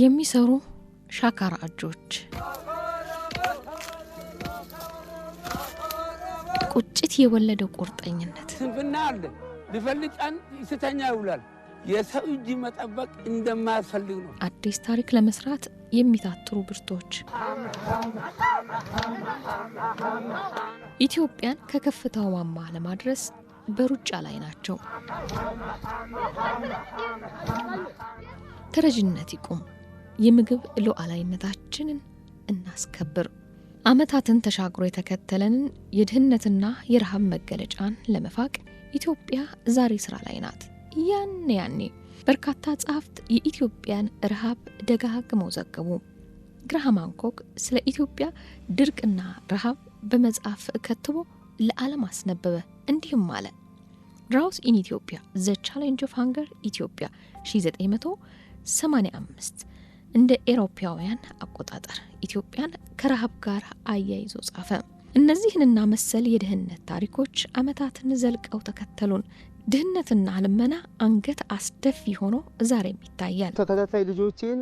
የሚሰሩ ሻካራ እጆች ቁጭት የወለደው ቁርጠኝነት ስንፍና አለ። ሊፈልጫን ይስተኛ ይውላል። የሰው እጅ መጠበቅ እንደማያስፈልግ ነው። አዲስ ታሪክ ለመስራት የሚታትሩ ብርቶች ኢትዮጵያን ከከፍታው ማማ ለማድረስ በሩጫ ላይ ናቸው። ተረጅነት ይቁም። የምግብ ሉዓላዊነታችንን እናስከብር። ዓመታትን ተሻግሮ የተከተለንን የድህነትና የረሃብ መገለጫን ለመፋቅ ኢትዮጵያ ዛሬ ስራ ላይ ናት። ያኔ ያኔ በርካታ ጸሐፍት የኢትዮጵያን ረሃብ ደጋግመው ዘገቡ። ግርሃ ሃንኮክ ስለ ኢትዮጵያ ድርቅና ረሃብ በመጽሐፍ ከትቦ ለዓለም አስነበበ። እንዲህም አለ። ድራውስ ኢን ኢትዮጵያ ዘ ቻሌንጅ ኦፍ ሃንገር ኢትዮጵያ 1985 እንደ ኤሮፓውያን አቆጣጠር ኢትዮጵያን ከረሃብ ጋር አያይዞ ጻፈ። እነዚህንና መሰል የድህነት ታሪኮች ዓመታትን ዘልቀው ተከተሉን። ድህነትና ልመና አንገት አስደፊ ሆኖ ዛሬም ይታያል። ተከታታይ ልጆቼን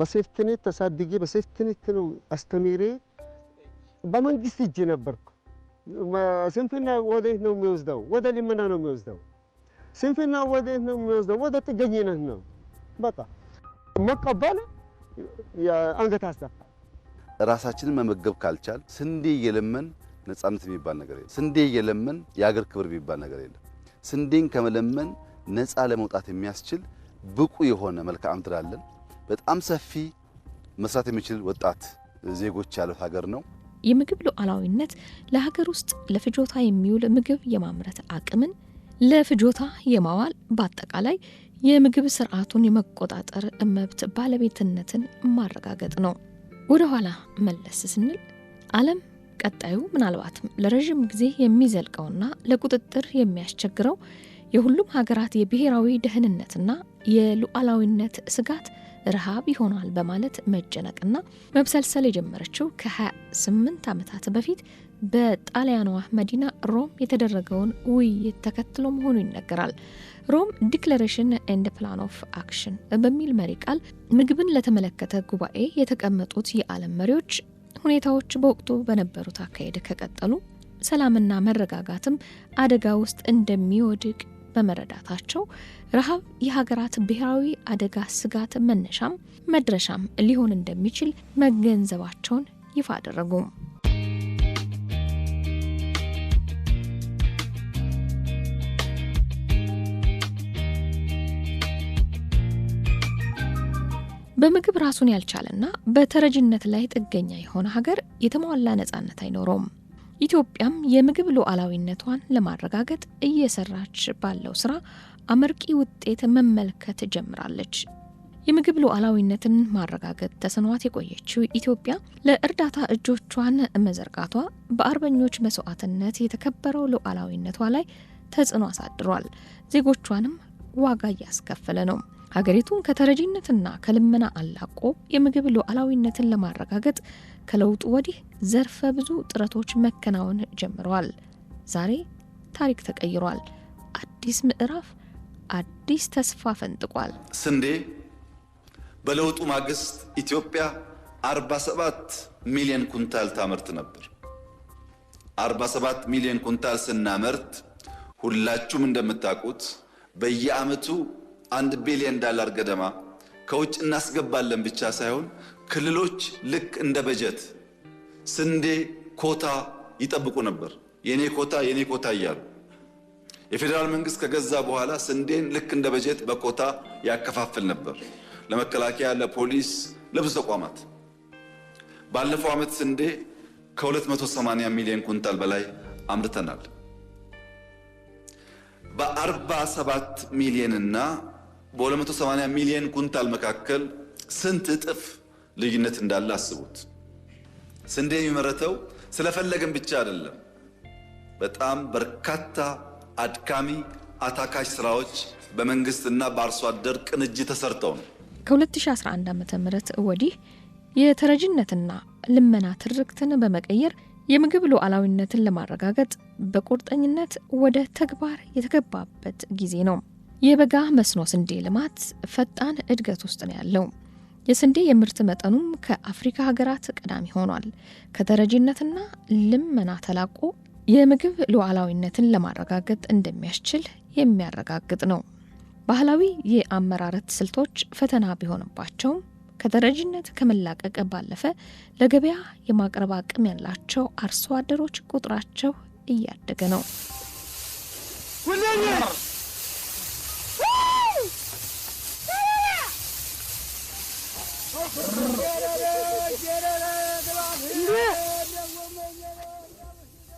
በሴፍትኔት ተሳድጌ በሴፍትኔት ነው አስተሜሬ በመንግስት እጅ ነበርኩ። ስንፍና ወዴት ነው የሚወስደው? ወደ ልመና ነው የሚወስደው። ስንፍና ወዴት ነው የሚወስደው? ወደ ጥገኝነት ነው በቃ መቀበል የአንገት አንገት ራሳችንን መመገብ ካልቻል ስንዴ እየለመን ነጻነት የሚባል ነገር የለም። ስንዴ እየለመን የአገር ክብር የሚባል ነገር የለም። ስንዴን ከመለመን ነፃ ለመውጣት የሚያስችል ብቁ የሆነ መልክዓ ምድር አለን። በጣም ሰፊ መስራት የሚችል ወጣት ዜጎች ያሉት ሀገር ነው። የምግብ ሉዓላዊነት ለሀገር ውስጥ ለፍጆታ የሚውል ምግብ የማምረት አቅምን ለፍጆታ የማዋል በአጠቃላይ የምግብ ስርዓቱን የመቆጣጠር መብት ባለቤትነትን ማረጋገጥ ነው። ወደ ኋላ መለስ ስንል ዓለም ቀጣዩ ምናልባትም ለረዥም ጊዜ የሚዘልቀውና ለቁጥጥር የሚያስቸግረው የሁሉም ሀገራት የብሔራዊ ደህንነትና የሉዓላዊነት ስጋት ረሃብ ይሆናል በማለት መጨነቅና መብሰልሰል የጀመረችው ከ28 ዓመታት በፊት በጣሊያኗ መዲና ሮም የተደረገውን ውይይት ተከትሎ መሆኑ ይነገራል። ሮም ዲክለሬሽን ኤንድ ፕላን ኦፍ አክሽን በሚል መሪ ቃል ምግብን ለተመለከተ ጉባኤ የተቀመጡት የዓለም መሪዎች ሁኔታዎች በወቅቱ በነበሩት አካሄድ ከቀጠሉ ሰላምና መረጋጋትም አደጋ ውስጥ እንደሚወድቅ በመረዳታቸው ረሃብ የሀገራት ብሔራዊ አደጋ ስጋት መነሻም መድረሻም ሊሆን እንደሚችል መገንዘባቸውን ይፋ አደረጉ። በምግብ ራሱን ያልቻለና በተረጅነት ላይ ጥገኛ የሆነ ሀገር የተሟላ ነጻነት አይኖረውም። ኢትዮጵያም የምግብ ሉዓላዊነቷን ለማረጋገጥ እየሰራች ባለው ስራ አመርቂ ውጤት መመልከት ጀምራለች። የምግብ ሉዓላዊነትን ማረጋገጥ ተስኗት የቆየችው ኢትዮጵያ ለእርዳታ እጆቿን መዘርጋቷ በአርበኞች መስዋዕትነት የተከበረው ሉዓላዊነቷ ላይ ተጽዕኖ አሳድሯል። ዜጎቿንም ዋጋ እያስከፈለ ነው። ሀገሪቱን ከተረጂነትና ከልመና አላቆ የምግብ ሉዓላዊነትን ለማረጋገጥ ከለውጡ ወዲህ ዘርፈ ብዙ ጥረቶች መከናወን ጀምረዋል። ዛሬ ታሪክ ተቀይሯል። አዲስ ምዕራፍ፣ አዲስ ተስፋ ፈንጥቋል። ስንዴ በለውጡ ማግስት ኢትዮጵያ 47 ሚሊዮን ኩንታል ታመርት ነበር። 47 ሚሊዮን ኩንታል ስናመርት ሁላችሁም እንደምታውቁት በየዓመቱ አንድ ቢሊዮን ዳላር ገደማ ከውጭ እናስገባለን ብቻ ሳይሆን ክልሎች ልክ እንደ በጀት ስንዴ ኮታ ይጠብቁ ነበር። የኔ ኮታ የኔ ኮታ እያሉ የፌዴራል መንግስት ከገዛ በኋላ ስንዴን ልክ እንደ በጀት በኮታ ያከፋፍል ነበር ለመከላከያ፣ ለፖሊስ፣ ለብዙ ተቋማት። ባለፈው ዓመት ስንዴ ከ280 ሚሊዮን ኩንታል በላይ አምርተናል በ47 ሚሊዮንና በ280 ሚሊዮን ኩንታል መካከል ስንት እጥፍ ልዩነት እንዳለ አስቡት። ስንዴ የሚመረተው ስለፈለገን ብቻ አይደለም። በጣም በርካታ አድካሚ አታካሽ ስራዎች በመንግስትና በአርሶ አደር ቅንጅ ተሰርተው ነው። ከ2011 ዓ ም ወዲህ የተረጅነትና ልመና ትርክትን በመቀየር የምግብ ሉዓላዊነትን ለማረጋገጥ በቁርጠኝነት ወደ ተግባር የተገባበት ጊዜ ነው። የበጋ መስኖ ስንዴ ልማት ፈጣን እድገት ውስጥ ነው ያለው። የስንዴ የምርት መጠኑም ከአፍሪካ ሀገራት ቀዳሚ ሆኗል። ከተረጂነትና ልመና ተላቆ የምግብ ሉዓላዊነትን ለማረጋገጥ እንደሚያስችል የሚያረጋግጥ ነው። ባህላዊ የአመራረት ስልቶች ፈተና ቢሆንባቸውም ከተረጂነት ከመላቀቅ ባለፈ ለገበያ የማቅረብ አቅም ያላቸው አርሶ አደሮች ቁጥራቸው እያደገ ነው።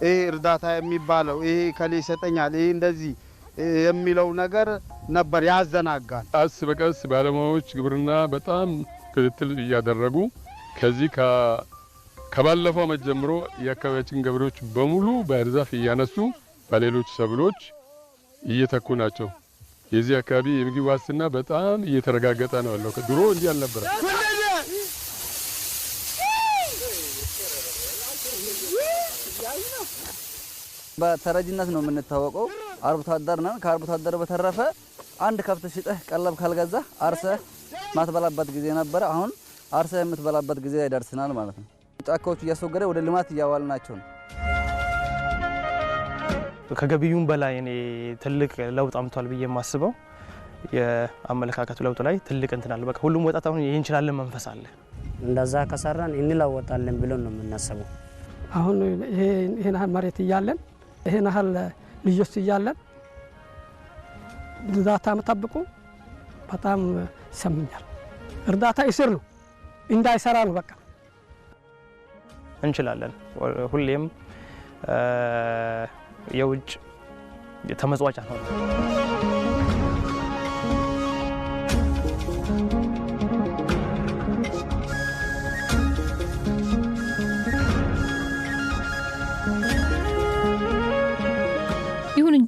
ይሄ እርዳታ የሚባለው ይሄ ከሌ ይሰጠኛል ይሄ እንደዚህ የሚለው ነገር ነበር ያዘናጋል። ቀስ በቀስ ባለሙያዎች ግብርና በጣም ክትትል እያደረጉ ከዚህ ከባለፈው ዓመት ጀምሮ የአካባቢያችን ገበሬዎች በሙሉ ባህር ዛፍ እያነሱ በሌሎች ሰብሎች እየተኩ ናቸው። የዚህ አካባቢ የምግብ ዋስትና በጣም እየተረጋገጠ ነው ያለው። ድሮ እንዲህ አልነበረ። በተረጅነት ነው የምንታወቀው። አርብቶ አደር ነን። ከአርብቶ አደር በተረፈ አንድ ከብት ሽጠህ ቀለብ ካልገዛህ አርሰህ ማትበላበት ጊዜ ነበረ። አሁን አርሰህ የምትበላበት ጊዜ ላይ ማለት ነው። ጫካዎቹ እያስወገደ ወደ ልማት እያዋልናቸው ነው። ከገቢውም በላይ እኔ ትልቅ ለውጥ አምቷል ብዬ የማስበው የአመለካከቱ ለውጥ ላይ ትልቅ እንትን አለ። በቃ ሁሉም ወጣት አሁን ይህ እንችላለን መንፈስ አለ። እንደዛ ከሰራን እንለወጣለን ብለን ነው የምናስበው። አሁን ይህን መሬት እያለን ይሄን ያህል ልጆች እያለን እርዳታ መጠብቁ በጣም ይሰምኛል። እርዳታ ይስር ነው እንዳይሰራ ነው። በቃ እንችላለን። ሁሌም የውጭ ተመጽዋጫ ነው።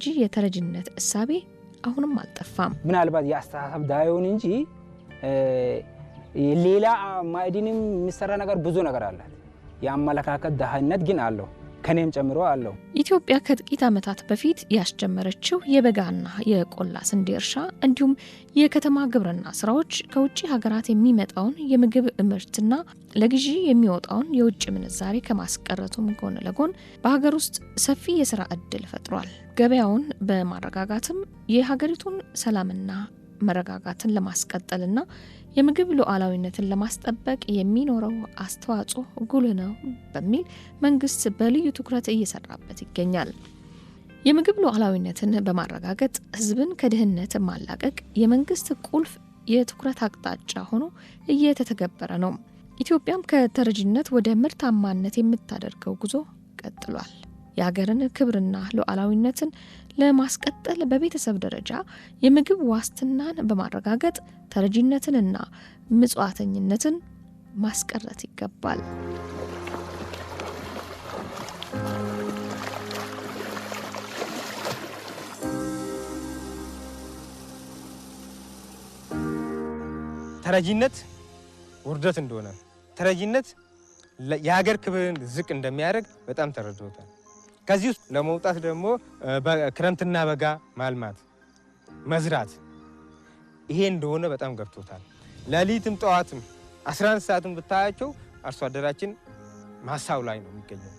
እንጂ የተረጅነት እሳቤ አሁንም አልጠፋም። ምናልባት የአስተሳሰብ ዳይሆን እንጂ ሌላ ማዕድንም የሚሰራ ነገር ብዙ ነገር አላት። የአመለካከት ድህነት ግን አለው። ከኔም ጨምሮ አለው። ኢትዮጵያ ከጥቂት ዓመታት በፊት ያስጀመረችው የበጋና የቆላ ስንዴ እርሻ እንዲሁም የከተማ ግብርና ስራዎች ከውጭ ሀገራት የሚመጣውን የምግብ ምርትና ለግዢ የሚወጣውን የውጭ ምንዛሬ ከማስቀረቱም ጎን ለጎን በሀገር ውስጥ ሰፊ የስራ ዕድል ፈጥሯል። ገበያውን በማረጋጋትም የሀገሪቱን ሰላምና መረጋጋትን ለማስቀጠልና የምግብ ሉዓላዊነትን ለማስጠበቅ የሚኖረው አስተዋጽኦ ጉልህ ነው በሚል መንግስት በልዩ ትኩረት እየሰራበት ይገኛል። የምግብ ሉዓላዊነትን በማረጋገጥ ህዝብን ከድህነት ማላቀቅ የመንግስት ቁልፍ የትኩረት አቅጣጫ ሆኖ እየተተገበረ ነው። ኢትዮጵያም ከተረጂነት ወደ ምርታማነት የምታደርገው ጉዞ ቀጥሏል። የሀገርን ክብርና ሉዓላዊነትን ለማስቀጠል በቤተሰብ ደረጃ የምግብ ዋስትናን በማረጋገጥ ተረጂነትንና ምጽዋተኝነትን ማስቀረት ይገባል። ተረጂነት ውርደት እንደሆነ ተረጂነት የሀገር ክብርን ዝቅ እንደሚያደርግ በጣም ተረድቶታል። ከዚህ ውስጥ ለመውጣት ደግሞ ክረምትና በጋ ማልማት መዝራት፣ ይሄ እንደሆነ በጣም ገብቶታል። ሌሊትም ጠዋትም 11 ሰዓትም ብታያቸው አርሶ አደራችን ማሳው ላይ ነው የሚገኘው።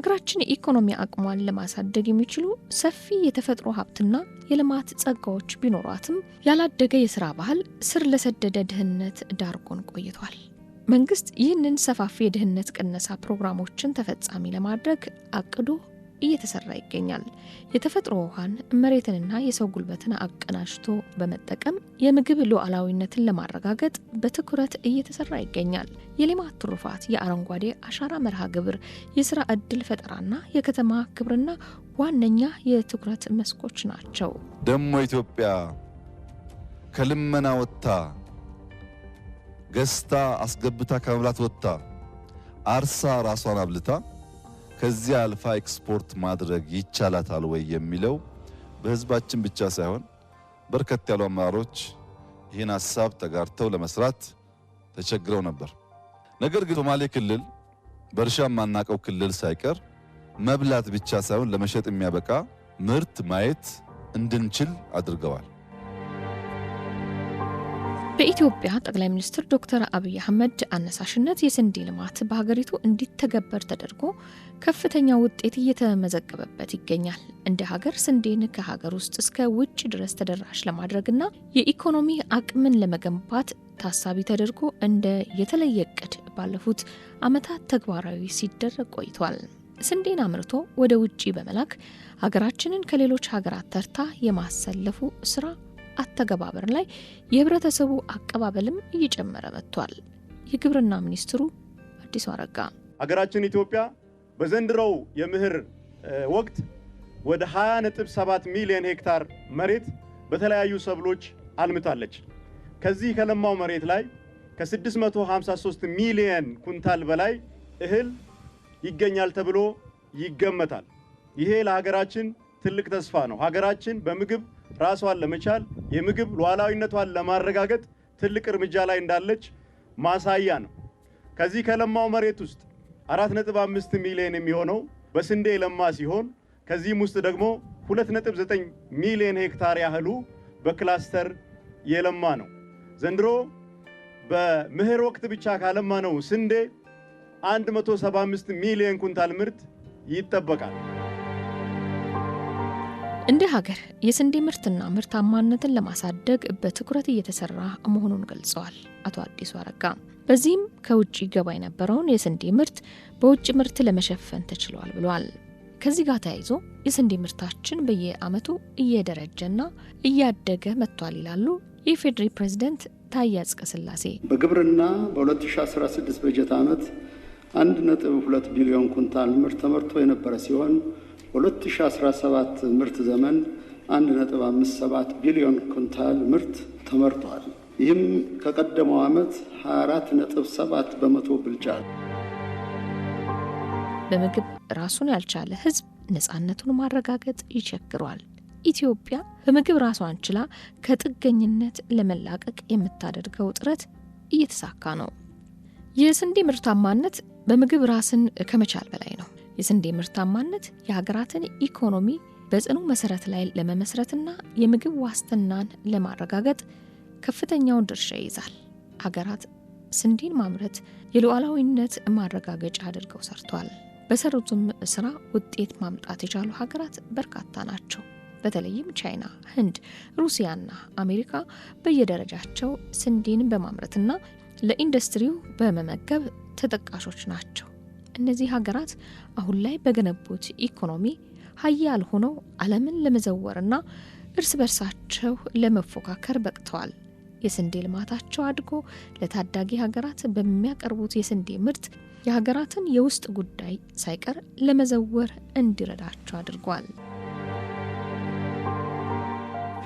ሀገራችን የኢኮኖሚ አቅሟን ለማሳደግ የሚችሉ ሰፊ የተፈጥሮ ሀብትና የልማት ጸጋዎች ቢኖሯትም ያላደገ የስራ ባህል ስር ለሰደደ ድህነት ዳርጎን ቆይቷል። መንግስት ይህንን ሰፋፊ የድህነት ቅነሳ ፕሮግራሞችን ተፈጻሚ ለማድረግ አቅዶ እየተሰራ ይገኛል። የተፈጥሮ ውሃን መሬትንና የሰው ጉልበትን አቀናጅቶ በመጠቀም የምግብ ሉዓላዊነትን ለማረጋገጥ በትኩረት እየተሰራ ይገኛል። የሌማት ትሩፋት፣ የአረንጓዴ አሻራ መርሃ ግብር፣ የስራ ዕድል ፈጠራና የከተማ ግብርና ዋነኛ የትኩረት መስኮች ናቸው። ደሞ ኢትዮጵያ ከልመና ወጥታ ገዝታ አስገብታ ከመብላት ወጥታ አርሳ ራሷን አብልታ ከዚህ አልፋ ኤክስፖርት ማድረግ ይቻላታል ወይ የሚለው በህዝባችን ብቻ ሳይሆን በርከት ያሉ አመራሮች ይህን ሀሳብ ተጋርተው ለመስራት ተቸግረው ነበር። ነገር ግን ሶማሌ ክልል በእርሻ የማናቀው ክልል ሳይቀር መብላት ብቻ ሳይሆን ለመሸጥ የሚያበቃ ምርት ማየት እንድንችል አድርገዋል። በኢትዮጵያ ጠቅላይ ሚኒስትር ዶክተር አብይ አህመድ አነሳሽነት የስንዴ ልማት በሀገሪቱ እንዲተገበር ተደርጎ ከፍተኛ ውጤት እየተመዘገበበት ይገኛል። እንደ ሀገር ስንዴን ከሀገር ውስጥ እስከ ውጭ ድረስ ተደራሽ ለማድረግና የኢኮኖሚ አቅምን ለመገንባት ታሳቢ ተደርጎ እንደ የተለየ እቅድ ባለፉት ዓመታት ተግባራዊ ሲደረግ ቆይቷል። ስንዴን አምርቶ ወደ ውጭ በመላክ ሀገራችንን ከሌሎች ሀገራት ተርታ የማሰለፉ ስራ አተገባበር ላይ የህብረተሰቡ አቀባበልም እየጨመረ መጥቷል። የግብርና ሚኒስትሩ አዲሱ አረጋ ሀገራችን ኢትዮጵያ በዘንድሮው የምህር ወቅት ወደ 20.7 ሚሊዮን ሄክታር መሬት በተለያዩ ሰብሎች አልምታለች። ከዚህ ከለማው መሬት ላይ ከ653 ሚሊዮን ኩንታል በላይ እህል ይገኛል ተብሎ ይገመታል። ይሄ ለሀገራችን ትልቅ ተስፋ ነው። ሀገራችን በምግብ ራሷን ለመቻል የምግብ ሉዓላዊነቷን ለማረጋገጥ ትልቅ እርምጃ ላይ እንዳለች ማሳያ ነው። ከዚህ ከለማው መሬት ውስጥ 4.5 ሚሊዮን የሚሆነው በስንዴ ለማ ሲሆን ከዚህም ውስጥ ደግሞ 2.9 ሚሊዮን ሄክታር ያህሉ በክላስተር የለማ ነው። ዘንድሮ በምህር ወቅት ብቻ ካለማ ነው ስንዴ 175 ሚሊዮን ኩንታል ምርት ይጠበቃል። እንደ ሀገር የስንዴ ምርትና ምርታማነትን ለማሳደግ በትኩረት እየተሰራ መሆኑን ገልጸዋል አቶ አዲሱ አረጋ። በዚህም ከውጭ ይገባ የነበረውን የስንዴ ምርት በውጭ ምርት ለመሸፈን ተችሏል ብሏል። ከዚህ ጋር ተያይዞ የስንዴ ምርታችን በየአመቱ እየደረጀና እያደገ መጥቷል ይላሉ የኢፌዴሪ ፕሬዝደንት ታዬ አጽቀሥላሴ። በግብርና በ2016 በጀት ዓመት 1.2 ቢሊዮን ኩንታል ምርት ተመርቶ የነበረ ሲሆን 2017 ምርት ዘመን 1.57 ቢሊዮን ኩንታል ምርት ተመርቷል። ይህም ከቀደመው ዓመት 24.7 በመቶ ብልጫ በምግብ ራሱን ያልቻለ ህዝብ ነፃነቱን ማረጋገጥ ይቸግሯል። ኢትዮጵያ በምግብ ራሷን ችላ ከጥገኝነት ለመላቀቅ የምታደርገው ጥረት እየተሳካ ነው። የስንዴ ምርታማነት በምግብ ራስን ከመቻል በላይ ነው። የስንዴ ምርታማነት የሀገራትን ኢኮኖሚ በጽኑ መሰረት ላይ ለመመስረትና የምግብ ዋስትናን ለማረጋገጥ ከፍተኛውን ድርሻ ይይዛል። ሀገራት ስንዴን ማምረት የሉዓላዊነት ማረጋገጫ አድርገው ሰርቷል። በሰሩትም ስራ ውጤት ማምጣት የቻሉ ሀገራት በርካታ ናቸው። በተለይም ቻይና፣ ህንድ፣ ሩሲያና አሜሪካ በየደረጃቸው ስንዴን በማምረትና ለኢንዱስትሪው በመመገብ ተጠቃሾች ናቸው። እነዚህ ሀገራት አሁን ላይ በገነቡት ኢኮኖሚ ሀያል ሆነው ዓለምን ለመዘወርና እርስ በርሳቸው ለመፎካከር በቅተዋል። የስንዴ ልማታቸው አድጎ ለታዳጊ ሀገራት በሚያቀርቡት የስንዴ ምርት የሀገራትን የውስጥ ጉዳይ ሳይቀር ለመዘወር እንዲረዳቸው አድርጓል።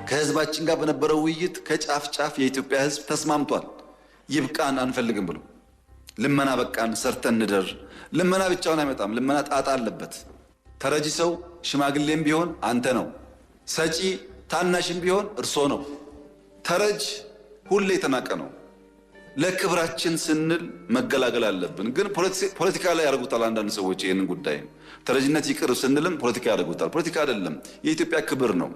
ከህዝባችን ጋር በነበረው ውይይት ከጫፍ ጫፍ የኢትዮጵያ ህዝብ ተስማምቷል። ይብቃን አንፈልግም ብሎ ልመና በቃን ሰርተን እንደር። ልመና ብቻውን አይመጣም። ልመና ጣጣ አለበት። ተረጂ ሰው ሽማግሌም ቢሆን አንተ ነው። ሰጪ ታናሽም ቢሆን እርሶ ነው። ተረጅ ሁሌ የተናቀ ነው። ለክብራችን ስንል መገላገል አለብን። ግን ፖለቲካ ላይ ያደርጉታል አንዳንድ ሰዎች ይህንን ጉዳይ ተረጅነት ይቅር ስንልም ፖለቲካ ያደርጉታል። ፖለቲካ አይደለም፣ የኢትዮጵያ ክብር ነው።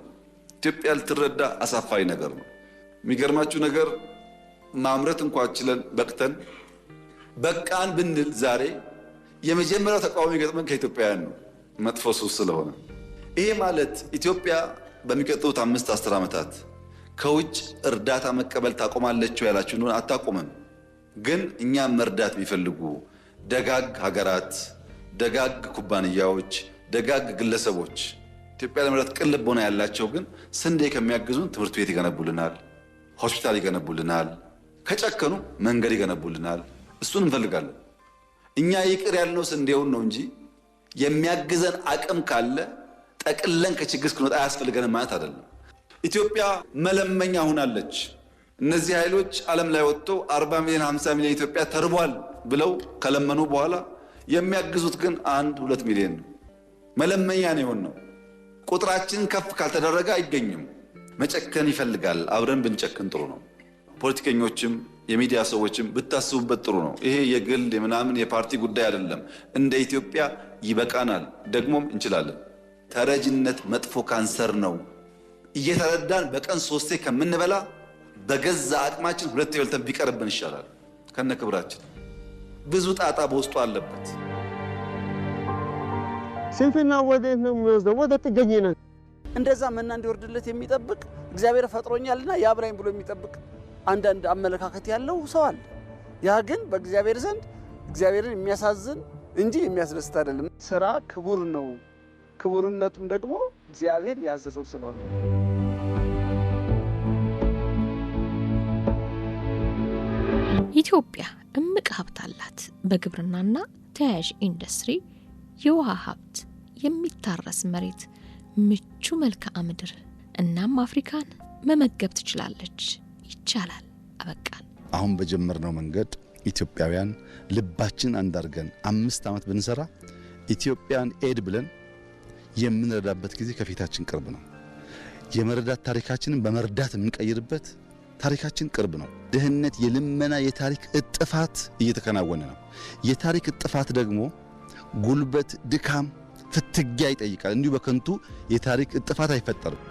ኢትዮጵያ ልትረዳ አሳፋሪ ነገር ነው። የሚገርማችሁ ነገር ማምረት እንኳ ችለን በቅተን በቃን ብንል ዛሬ የመጀመሪያው ተቃዋሚ ገጥመን ከኢትዮጵያውያን ነው፣ መጥፎ ሱስ ስለሆነ። ይሄ ማለት ኢትዮጵያ በሚቀጥሉት አምስት አስር ዓመታት ከውጭ እርዳታ መቀበል ታቆማለችው ያላችሁ እንደሆነ አታቆምም። ግን እኛም መርዳት የሚፈልጉ ደጋግ ሀገራት፣ ደጋግ ኩባንያዎች፣ ደጋግ ግለሰቦች ኢትዮጵያ ለመርዳት ቅን ልቦና ያላቸው ግን ስንዴ ከሚያግዙን ትምህርት ቤት ይገነቡልናል፣ ሆስፒታል ይገነቡልናል፣ ከጨከኑ መንገድ ይገነቡልናል። እሱን እንፈልጋለን። እኛ ይቅር ያልነው ስንዴውን ነው እንጂ የሚያግዘን አቅም ካለ ጠቅለን ከችግር እስክንወጣ አያስፈልገንም ማለት አይደለም። ኢትዮጵያ መለመኛ ሆናለች። እነዚህ ኃይሎች ዓለም ላይ ወጥቶ 40 ሚሊዮን 50 ሚሊዮን ኢትዮጵያ ተርቧል ብለው ከለመኑ በኋላ የሚያግዙት ግን አንድ ሁለት ሚሊዮን ነው። መለመኛ ነው የሆን ነው። ቁጥራችን ከፍ ካልተደረገ አይገኝም። መጨከን ይፈልጋል። አብረን ብንጨክን ጥሩ ነው። ፖለቲከኞችም የሚዲያ ሰዎችም ብታስቡበት ጥሩ ነው። ይሄ የግል ምናምን የፓርቲ ጉዳይ አይደለም። እንደ ኢትዮጵያ ይበቃናል፣ ደግሞም እንችላለን። ተረጅነት መጥፎ ካንሰር ነው። እየተረዳን በቀን ሶስቴ ከምንበላ በገዛ አቅማችን ሁለት የበልተን ቢቀርብን ይሻላል። ከነ ክብራችን ብዙ ጣጣ በውስጡ አለበት። ስንፍና ወዴት ነው የሚወስደው? ወደ ጥገኝነት። እንደዛ መና እንዲወርድለት የሚጠብቅ እግዚአብሔር ፈጥሮኛልና ያብራኝ ብሎ የሚጠብቅ አንዳንድ አመለካከት ያለው ሰው አለ። ያ ግን በእግዚአብሔር ዘንድ እግዚአብሔርን የሚያሳዝን እንጂ የሚያስደስት አይደለም። ስራ ክቡር ነው። ክቡርነቱም ደግሞ እግዚአብሔር ያዘዘው ስለሆነ ኢትዮጵያ እምቅ ሀብት አላት። በግብርናና ተያያዥ ኢንዱስትሪ፣ የውሃ ሀብት፣ የሚታረስ መሬት፣ ምቹ መልክዓ ምድር። እናም አፍሪካን መመገብ ትችላለች። ይቻላል። አበቃን። አሁን በጀመርነው መንገድ ኢትዮጵያውያን ልባችን አንዳርገን አምስት ዓመት ብንሰራ ኢትዮጵያን ኤድ ብለን የምንረዳበት ጊዜ ከፊታችን ቅርብ ነው። የመረዳት ታሪካችንን በመርዳት የምንቀይርበት ታሪካችን ቅርብ ነው። ድህነት የልመና የታሪክ እጥፋት እየተከናወነ ነው። የታሪክ እጥፋት ደግሞ ጉልበት፣ ድካም፣ ፍትጊያ ይጠይቃል። እንዲሁ በከንቱ የታሪክ እጥፋት አይፈጠርም።